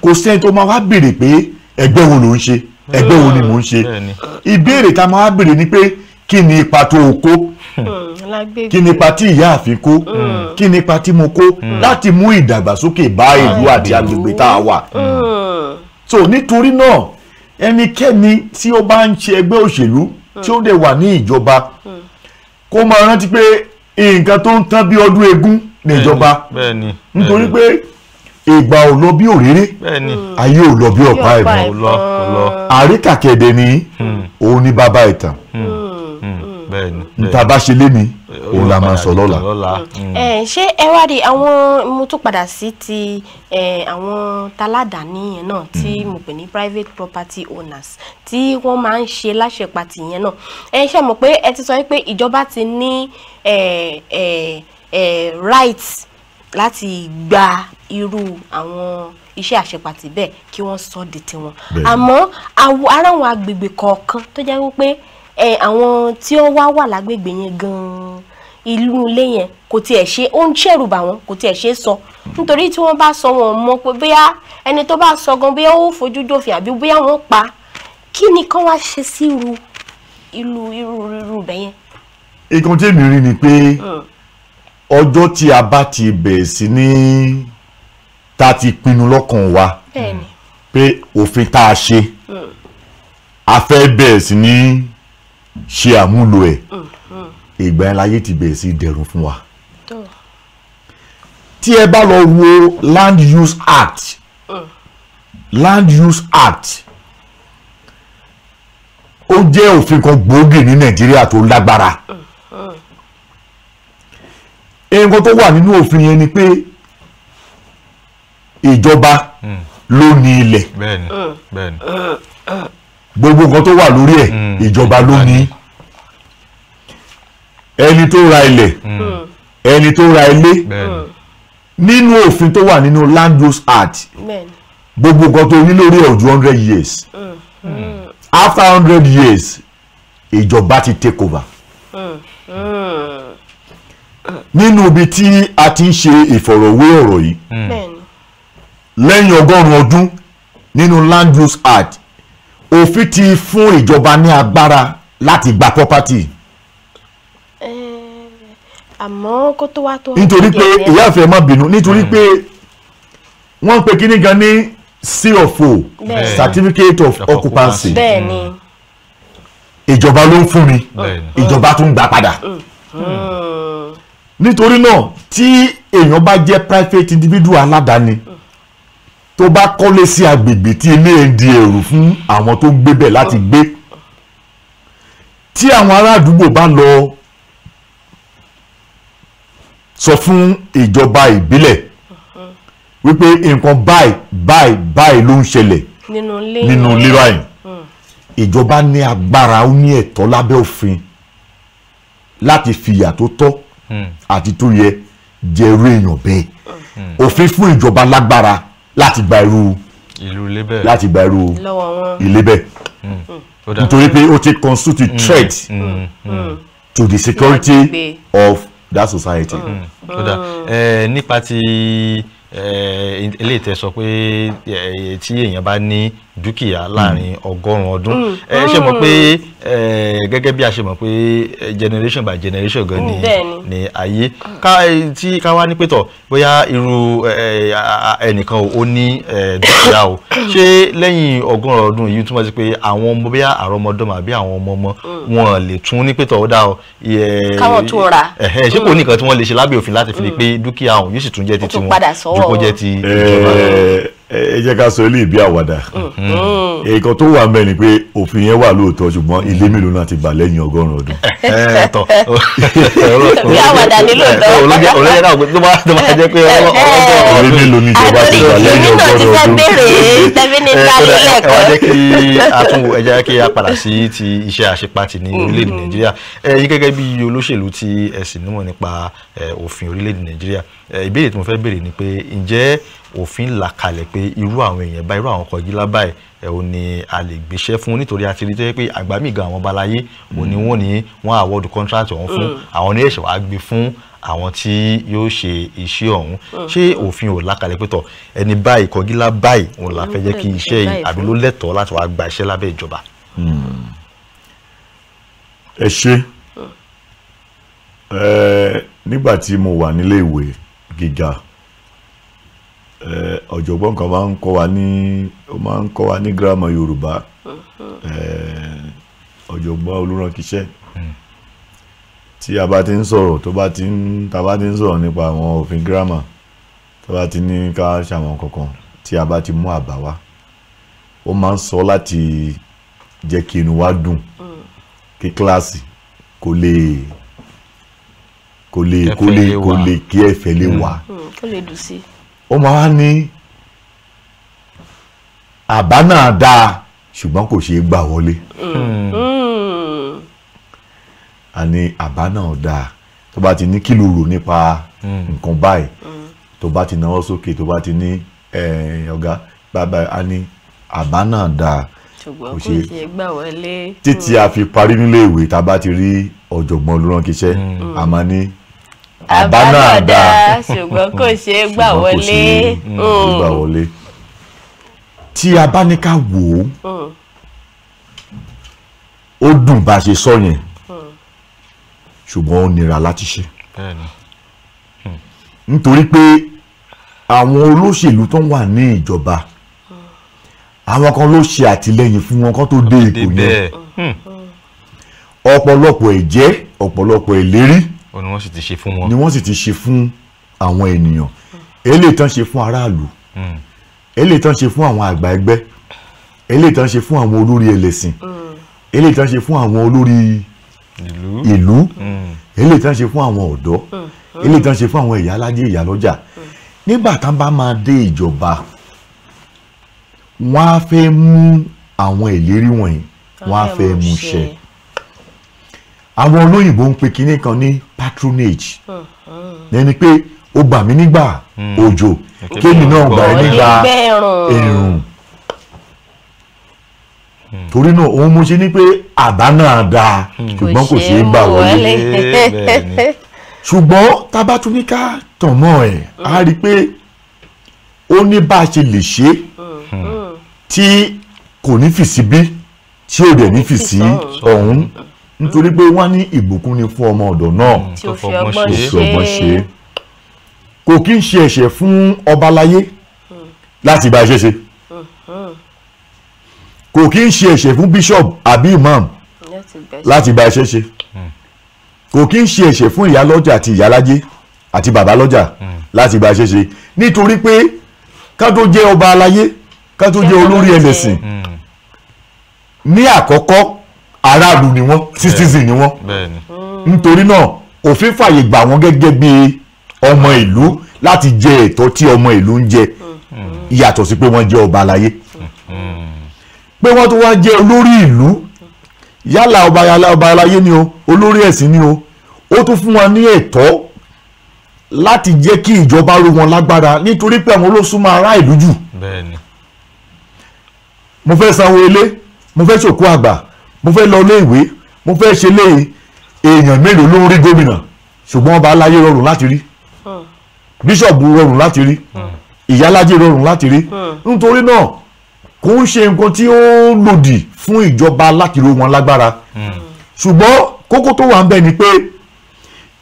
kò sẹ́ni tó máa wá béèrè pé ẹgbẹ́ wo ló ń ṣe ẹgbẹ́ wo ni mò ń ṣe ìbéèrè tá máa béèrè ni pé kí ni ipa tó o kó kí ni ipa tí ìyáàfin kó mm. kí ni ipa tí mo kó mm. láti mú ìdàgbàsókè bá ìlú àti mm. agbègbè tá a wà so nítorí náà ẹnikẹ́ni tí ó bá ń ṣe ẹgbẹ́ òṣèlú tí ó dẹ̀ wà ní ìjọba kó máa rántí pé nǹkan tó ń tán bí ọdún eégún níjọba nítorí pé ìgbà ò lọ bí òréré ayé ò lọ bí ọ̀pá ẹ̀mọ́ àríkàkẹ̀dẹ̀ ni hmm. òun ní bàbá ìtàn hmm. hmm. nta bá ṣe lé ni òun la máa sọ lọ́la. ṣé ẹ wá di àwọn mo tún padà sí ti àwọn taládàáni yẹn náà tí mo pè ní private property owners tí wọ́n máa ń ṣe láṣepàtì yẹn náà ẹ ṣe mọ̀ pé ẹ ti sọ pé ìjọba ti ní rights láti gba irú àwọn iṣẹ́ àṣepàtì bẹ́ẹ̀ kí wọ́n sọ di tiwọn àmọ́ ara àwọn agbègbè kọ̀ọ̀kan tó jẹ́ wípé àwọn tí ó wá wà lágbègbè yẹn gan-an ìlú ilé yẹn kò tiẹ̀ ṣe ó ń ṣẹ̀rù bà wọ́n kò tiẹ̀ ṣe é sọ nítorí tí wọ́n bá sọ wọn mọ̀ pé bóyá ẹni tó bá sọ gan bóyá ó fojú dòfin àbí bóyá wọ́n pa kí ni kán wá ṣe sí irú irú irú bẹ́yẹn. ìkan tí èmi rí ni pé. Mm ọjọ́ tí a bá ti bẹ̀rẹ̀ sí ní tá a ti pinnu lọ́kàn wa pé òfin tá a ṣe a fẹ́ bẹ̀rẹ̀ sí ní ṣe àmúlò ẹ̀ ìgbà yẹn láyé ti bẹ̀rẹ̀ sí dẹ̀rùn fún wa. tí ẹ bá lọ wo land use act land use act ó jẹ́ òfin kan gbòógì ní nàìjíríà tó lágbára. Mm nǹkan tó wà nínú òfin yẹn ni pé ìjọba ló ní ilẹ̀ gbogbo nǹkan tó wà lórí ẹ̀ hmm. ìjọba ló ní ẹni tó ra ilẹ̀ hmm. ẹni tó ra ilé nínú òfin tó wà nínú land use act gbogbo nǹkan tó ní lórí ẹ̀ ojú hundred years hmm. after hundred years ìjọba ti take over. Mm nínú ibi tí a ti ń ṣe ìfọ̀rọ̀wé ọ̀rọ̀ yìí hmm. lẹ́yìn ọgọ́rùn-ún ọdún nínú land use act òfin ti fún ìjọba ní agbára láti gba property. àmọ́ kó tó wá tó. nítorí pé ìyá ìfẹ́ má bínú nítorí hmm. pé wọ́n ń pe kíní gan ní COO certificate of occupancy ìjọba ló ń fún mi ìjọba tún gbà padà. Hmm nítorí náà tí èèyàn bá jẹ́ private individual aládàáni tó bá kọ́lé sí agbègbè tí ilé ń di èrò fún àwọn tó gbé bẹ̀ láti gbé tí àwọn ará àdúgbò bá lọ sọ fún ìjọba ìbílẹ̀ wípé nǹkan báyìí báyìí báyìí ló ń ṣẹlẹ̀ nínú ilé báyìí hmm. ìjọba ní agbára ó ní ẹ̀tọ́ lábẹ́ òfin láti fìyà tó tọ́ Hmm. àti tó yẹ jẹ irú èèyàn bẹ́ẹ̀ hmm. òfin fún ìjọba lágbára láti gba irú láti gba irú ilé bẹ́ẹ̀ hmm. nítorí pé ó ti constitute threat to the security of that society. Eh, nípa ti eh, eléyìí tẹ́ sọ pé eh, tí èèyàn bá ní dúkìá láàrin mm. ọgọ́rùn-ún ọdún mm. ẹ ṣe mọ̀ pé mm. gẹ́gẹ́ bí a ṣe mọ̀ pé generation by generation gan ni ni ayé ká tí ká wá ní pétọ̀ bóyá irú ẹnìkan ò ní dúkìá o <coughs> ṣé lẹ́yìn ọgọ́rùn-ún ọdún yìí túmọ̀ sí pé àwọn ọmọ bóyá àrọ́mọdọ́mọ àbí àwọn ọmọ ọmọ wọn lè tún ní pétọ̀ ó dá o. káwọn tún ra ṣé kò ní nǹkan tí wọ́n lè ṣe lábẹ́ òfin láti fi pé dúkìá òun yóò sì tún jẹ́ ti tiwọn jù kó ti ìjọba ẹ jẹ́ ká sọ eléyìí bí àwàdà nǹkan tó wà mẹ́rin pé òfin yẹn wà lóòótọ́ ṣùgbọ́n ilé mélòó náà ti bà lẹ́yìn ọgọ́rùn-ún ọdún. bí àwàdà ni lóòótọ́. olóyè náà tó bá tó bá jẹ́ pé ọgọ́rùn ilé mélòó ni ìjọba ti bà lẹ́yìn ọgọ́rùn-ún ọdún. ẹ wá jẹ́ kí a tún padà sí ti iṣẹ́ àṣepatì ní orílẹ̀-èdè Nàìjíríà ẹ gẹ́gẹ́ bí olóṣèlú tí ẹ nímọ̀ nípa òfin orílẹ̀-èdè Nàìjíríà ìbéèrè tí mo fẹ́ béèrè ni pé ǹjẹ́ òfin là kalẹ̀ pé irú àwọn èèyàn bá irú àwọn ọkọ̀ yìí lábàáyé ẹ̀ ò ní a lè gbéṣẹ́ fún nítorí a ti rí tẹ́lẹ̀ pé àgbàmì gan àwọn balayé ò ní wọ́n ní wọ́n award contract ọ̀hún fún mm. àwọn ní ẹ̀ṣẹ̀ wàá gbé fún àwọn tí yóò ṣe iṣẹ́ ọ̀hún mm. ṣé òfin ò lákalẹ̀ pé tọ̀ ẹni báyìí kọ́gílá báyìí òun là fẹ́ jẹ́ kí iṣẹ́ yìí àbí ló lẹ́tọ̀ọ́ láti wàá gba iṣẹ́ lábẹ́ ìjọba. Hmm. ẹ ṣe mm. nígbà tí mo wà nílé ìwé gíga eh, ọ̀jọ̀gbọ́n kan máa ń kọ́ wa ní ó máa ń kọ́ wa ní gírámà Yorùbá mm-hmm. eh, ọ̀jọ̀gbọ́n Olúránkíṣẹ́ tí a bá ti ń sọ̀rọ̀ tó bá ti ń ta bá ti ń sọ̀rọ̀ nípa àwọn òfin gírámà tó bá ti ní ká ṣàwọn kankan tí a bá ti mú àbá wá ó máa ń sọ láti jẹ́ kí inú wa dùn mm. kí kíláàsì kó lè kò lè kò lè kò lè kí ẹ̀fẹ̀ lè hmm. wà. Hmm, kò lè dùn sí. ó máa ń ní àbá náà dáa ṣùgbọ́n kò ṣeé gbà wọlé. àní hmm. àbá náà dáa tó bá ti ní kí ló rò nípa nǹkan báyìí tó bá ti náwó sókè tó bá ti ní ọ̀gá bàbá àní àbá náà dáa kò ṣe títí a fi parí nílé ìwé tá a bá ti rí ọ̀jọ̀gbọ́n olùrànkíṣẹ́ a máa ní àbá náà dá ṣùgbọ́n kò ṣe é gbà wọlé. Mm. gbà wọlé tí a bá ní ká wò ó mm. ó dùn bá a ṣe sọ yẹn mm. ṣùgbọ́n ó nira láti ṣe hmm. nítorí pé àwọn olóṣèlú tó wà ní ìjọba àwọn kan ló ṣe àtìlẹ́yìn fún wọn kán tó dé ipò yẹn hmm. ọ̀pọ̀lọpọ̀ ẹ̀jẹ́ ọ̀pọ̀lọpọ̀ ìlérí. Mm ni wọ́n sì ti ṣe fún wọn. ni wọ́n sì ti ṣe fún àwọn ènìyàn eléyìí tán ṣe fún aráàlú hmm. eléyìí tán ṣe fún àwọn àgbà ẹgbẹ́ eléyìí tán ṣe fún àwọn olórí ẹlẹ́sìn hmm. eléyìí tán ṣe fún àwọn olórí ìlú hmm. eléyìí tán ṣe fún àwọn ọ̀dọ́ eléyìí tán ṣe fún àwọn ìyá alájẹ ìyá lọ́jà nígbà tán bá máa dé ìjọba wọ́n á fẹ́ mú àwọn ìlérí wọ̀nyí wọ́n á fẹ́ mú ṣẹ àwọn olóyìnbó ń pe kinní kan ní patronage mm-hmm. ẹni pé ó gbà mí nígbà mm. òjò kéèmì náà gbà ẹ́ nígbà ẹ̀rùn mm. torí náà òun mo ṣe ní pé àbá náà dáa mm. ṣùgbọ́n kò ṣeé gbà wọlé <laughs> ṣùgbọ́n tábàtúníká tàn mọ́ ẹ̀ á rí i pé ó ní bá a ṣe lè ṣe mm-hmm. tí kò ní fìsí bí tí ò dẹ̀ ní fìsí ọ̀hún nítorí pé wọ́n ní ìbùkún ni fún ọmọ ọ̀dọ̀ náà tí mm, ó fi ọgbọ́n ṣe é kò kí ń ṣe ẹ̀ṣẹ̀ fún ọba láyé láti bá ṣe ṣe kò kí ń ṣe ẹ̀ṣẹ̀ fún bishop àbí imam láti bá ṣe ṣe kò kí ń ṣe ẹ̀ṣẹ̀ fún ìyálọ́jà àti ìyálájé àti bàbá lọ́jà láti bá ṣe ṣe nítorí pé ká tó jẹ́ ọba aláyé ká tó jẹ́ olórí ẹlẹ́sìn mm. ní àkọ́kọ́ aráàlú ni wọ́n citizen ni wọ́n nítorí náà òfin fàyè gbà wọ́n gẹ́gẹ́ bí ọmọ ìlú láti jẹ ẹ̀tọ́ tí ọmọ ìlú ń jẹ hmm. yàtọ̀ sí pé wọ́n jẹ́ ọba aláyé hmm. pé wọ́n tó wá jẹ́ olórí ìlú yálà ọba aláyé ni o olórí ẹ̀sìn ni o ó tún fún wọn ní ẹ̀tọ́ láti jẹ́ kí ìjọba ró wọn lágbára nítorí pé àwọn olóṣùmọ̀ ará ìlú jù mo fẹ́ sanwó ilé mo fẹ́ ṣòkú àgbà mo fẹ́ lọ ilé ìwé mo fẹ́ ṣe lé èèyàn mélòó ló ń rí gómìnà ṣùgbọ́n ọba aláyé rọrùn láti rí hmm. bíṣọ̀bù rọrùn láti rí hmm. ìyálájé rọrùn láti rí hmm. nítorí náà kò ń ṣe nǹkan tí ó lòdì fún ìjọba alákìrò wọn lágbára ṣùgbọ́n kókó tó wà ń bẹ̀ ni pé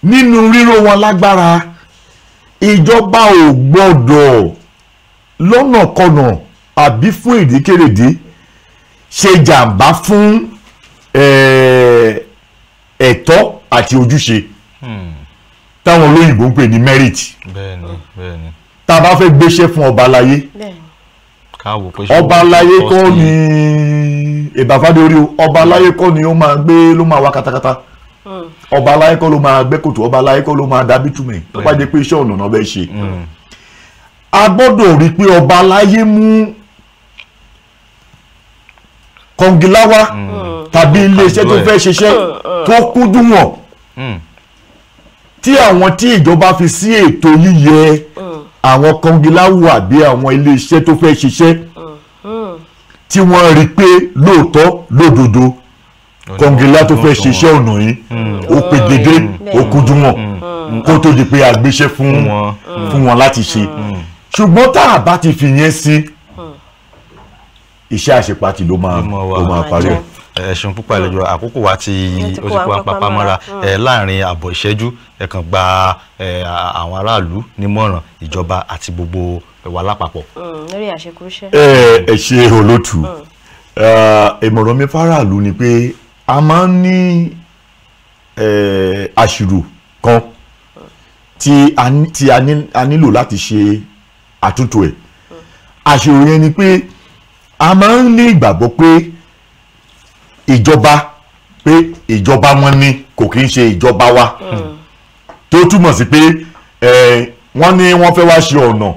nínú ríró wọn lágbára ìjọba ò gbọ́dọ̀ lọ́nàkọnà àbí fún ìdíkèrèdí ṣe jàǹbá fún Eh, ẹ̀tọ́ àti ojúṣe hmm. táwọn olóyìnbó ń pè ní merit tá a bá fẹ́ gbéṣẹ́ fún ọba aláyé ọba aláyé kọ́ ni ìbàfádé orí o ọba aláyé kọ́ ni ó máa gbé ló máa wá katakata hmm. ọba aláyé kọ́ ló máa gbẹ́ kòtò ọba aláyé kọ́ ló máa da bítúmẹ̀ tó bá jẹ́ pé iṣẹ́ ọ̀nà náà bẹ́ẹ̀ ṣe hmm. a gbọ́dọ̀ rí i pé ọba aláyé mú kọngiláwa mm. tàbí mm. iléeṣẹ́ tó mm. fẹ́ ṣiṣẹ́ tó kúndùn wọn tí àwọn tí ìjọba fi sí ètò yíyẹ àwọn kọngiláwò àbí àwọn iléeṣẹ́ tó fẹ́ ṣiṣẹ́ tí wọ́n rí i pé lóòótọ́ lódodo kọngilá tó fẹ́ ṣiṣẹ́ ọ̀nà yìí ó pè dédé ó kújú wọn kó tó di pé àgbéṣe fún wọn láti ṣe ṣùgbọ́n tá a bá ti fi yẹn sí. Si, iṣẹ́ àṣepatì ló máa ló máa parí ẹ̀. ẹ ṣeun púpọ̀ àlejò àkókò wa ti oṣù pàpàmọ́ra láàrin àbọ̀ ìṣẹ́jú ẹ kàn gba àwọn aráàlú nímọ̀ràn ìjọba àti gbogbo wa lápapọ̀. Mm, lórí àṣekúṣẹ́. ẹ ẹ ṣe olótù mm. ìmọ̀ràn mi fáráàlú ni pé a máa ń ní àṣìrò kan tí a nílò láti ṣe àtúntò ẹ̀ mm. àṣìrò yẹn ni pé. Mm a máa ń ní ìgbàgbọ́ pé ìjọba pé ìjọba wọn ni kò kí ń ṣe ìjọba wa tó túmọ̀ sí pé wọ́n ní wọ́n fẹ́ wá ṣe ọ̀nà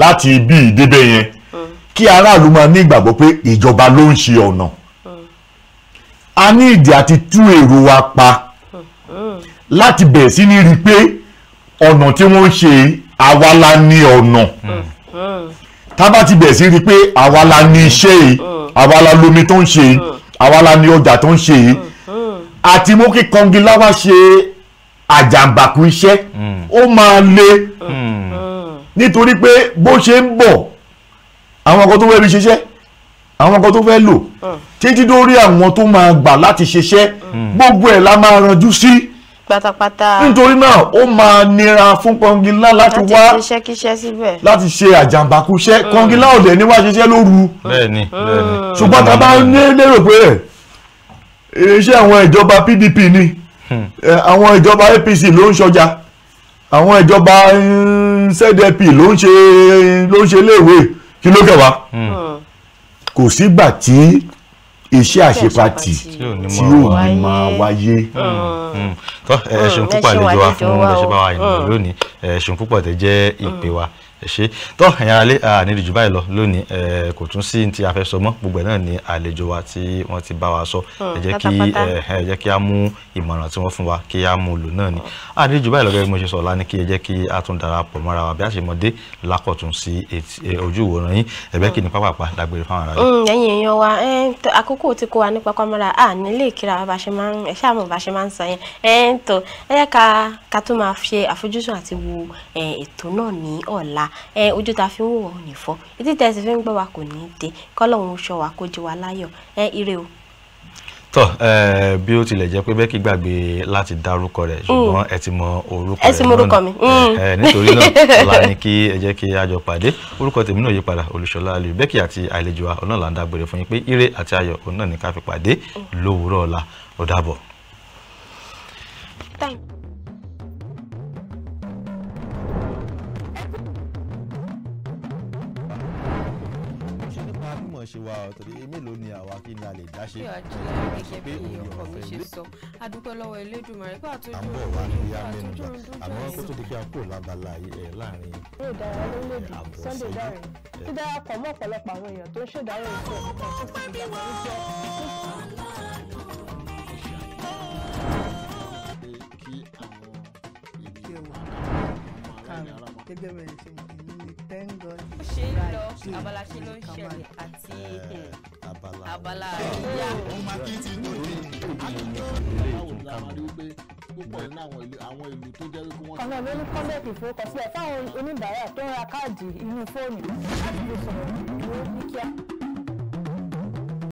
láti ibi ìdébẹ̀ yẹn kí aráàlú máa ní ìgbàgbọ́ pé ìjọba ló ń ṣe ọ̀nà a ní ìdí àti tú èrò wa pa láti bẹ̀rẹ̀ sí ní rí i pé ọ̀nà tí wọ́n ń ṣe àwa ní ọ̀nà tábà ti bẹ̀ sí rí i pé àwa la ní iṣẹ́ yìí àwa la lomi tó ń ṣe yìí àwa la ní ọjà tó ń ṣe yìí àti mú kí kọngiláwa ṣe àjàǹbàkú iṣẹ́ ó máa le nítorí pé bó ṣe ń bọ̀ àwọn ọkọ̀ tó fẹ́ fi ṣiṣẹ́ àwọn kan tó fẹ́ lò títí dórí àwọn tó máa gbà láti ṣiṣẹ́ gbogbo ẹ̀ la máa ranjú sí pátápátá. nítorí náà ó máa nira fún kọngilá láti wá láti ṣe kíṣẹ́ síbẹ̀ láti ṣe àjàmbákúṣẹ́ mm. kọngilá ò dẹ̀ ní wá ṣiṣẹ́ lóru bẹ́ẹ̀ni mm. ṣùgbọ́n tá a bá ní lérò pé iṣẹ́ àwọn ìjọba PDP ni hmm. àwọn ìjọba APC ló ń ṣọjà àwọn ìjọba ZLP ló ń ṣe ló ń ṣe léèwé kí ló kẹwàá hmm. mm. kò sígbà tí iṣẹ́ àṣepatì tí yóò ní máa wáyé. Hmm. Hmm. Hmm. ẹ ṣeun púpọ̀ àlejò wa fún ẹ ṣe bá wa ìmọ̀ lónìí ẹ ṣeun púpọ̀ tẹ jẹ́ ìpè wa ẹ ṣe tó ẹ̀yin aráalé àníbi jù báyìí lọ lónìí kò tún sí ti àfẹsọ mọ́ gbogbo ẹ̀ náà ní àlejò wa tí wọ́n ti bá wa sọ hm, ẹ jẹ́ kí ẹ jẹ́ kí a mú ìmọ̀ràn tí wọ́n fún wa kí a mú lò náà ni àníbi jù báyìí lọ gẹ́gẹ́ bí mo ṣe sọ ọ̀la ní kí ẹ jẹ́ kí a tún darapọ̀ mọ́ra wa bí a ṣe mọ dé lákọ̀tún sí ojú ìwòran yín ẹ̀bẹ́ kí ni pápápá dágbére fáwọn aráalé. Hm, ẹ̀yin èèyàn wa àkókò tí kò wá nípa pamọ́ra à nílé ìkíra bá ṣe máa ń ẹ̀ ṣáà mọ̀ bá ṣe ní ọ̀la ẹ ojú ta fi ń wò ó nìfọ́ etí tẹ̀sí fi ń gbọ́ wa kò ní í dé kọ́lọ́hún oṣù wa kó jẹ wa láyọ̀ ẹ ire o. tọ bí ó tilẹ̀ jẹ́ pé Becky gbàgbé láti dárúkọ rẹ̀ mm. ṣùgbọ́n ẹ ti mọ orúkọ rẹ̀ náà ẹ ti mọ orúkọ mi. Mm. nítorí náà <laughs> ọ̀la ni kí ẹ jẹ́ kí a jọ pàdé orúkọ tèmi náà yí padà Olúṣọlá Aliyu Becky àti àlejò wa ọ̀nà là ń dágbére fún yín pé ire àti ayọ̀ ọ̀nà ni ká fi pàdé mm. lówùúrọ̀ ọ̀la ó Thank you. ṣe wá ọ torí mélòó ni àwa kí ni a lè dá ṣe. pé òun yóò fẹ́ mi. adúpẹ́ lọ́wọ́ Elédùmarè pé àtúntò àmọ́ wà ní ìyá mẹ́nu gbà àmọ́ kó tó di kí a kúrò lábala ẹ̀ láàrin. eré ìdárayá lórílẹ̀‐èdè Sunday Dare tó darapọ̀ mọ́ ṣe mọ̀ ṣe ń lọ abala ṣe ló ń ṣẹlẹ̀ àti eh, hmm, abala àríyá. ọmọ ìlú àwọn ìfowópamọ́sílẹ̀ fáwọn oníbàárà tó ń ra káàdì inú fóònù láti lè sọ̀rọ̀ ní kíá.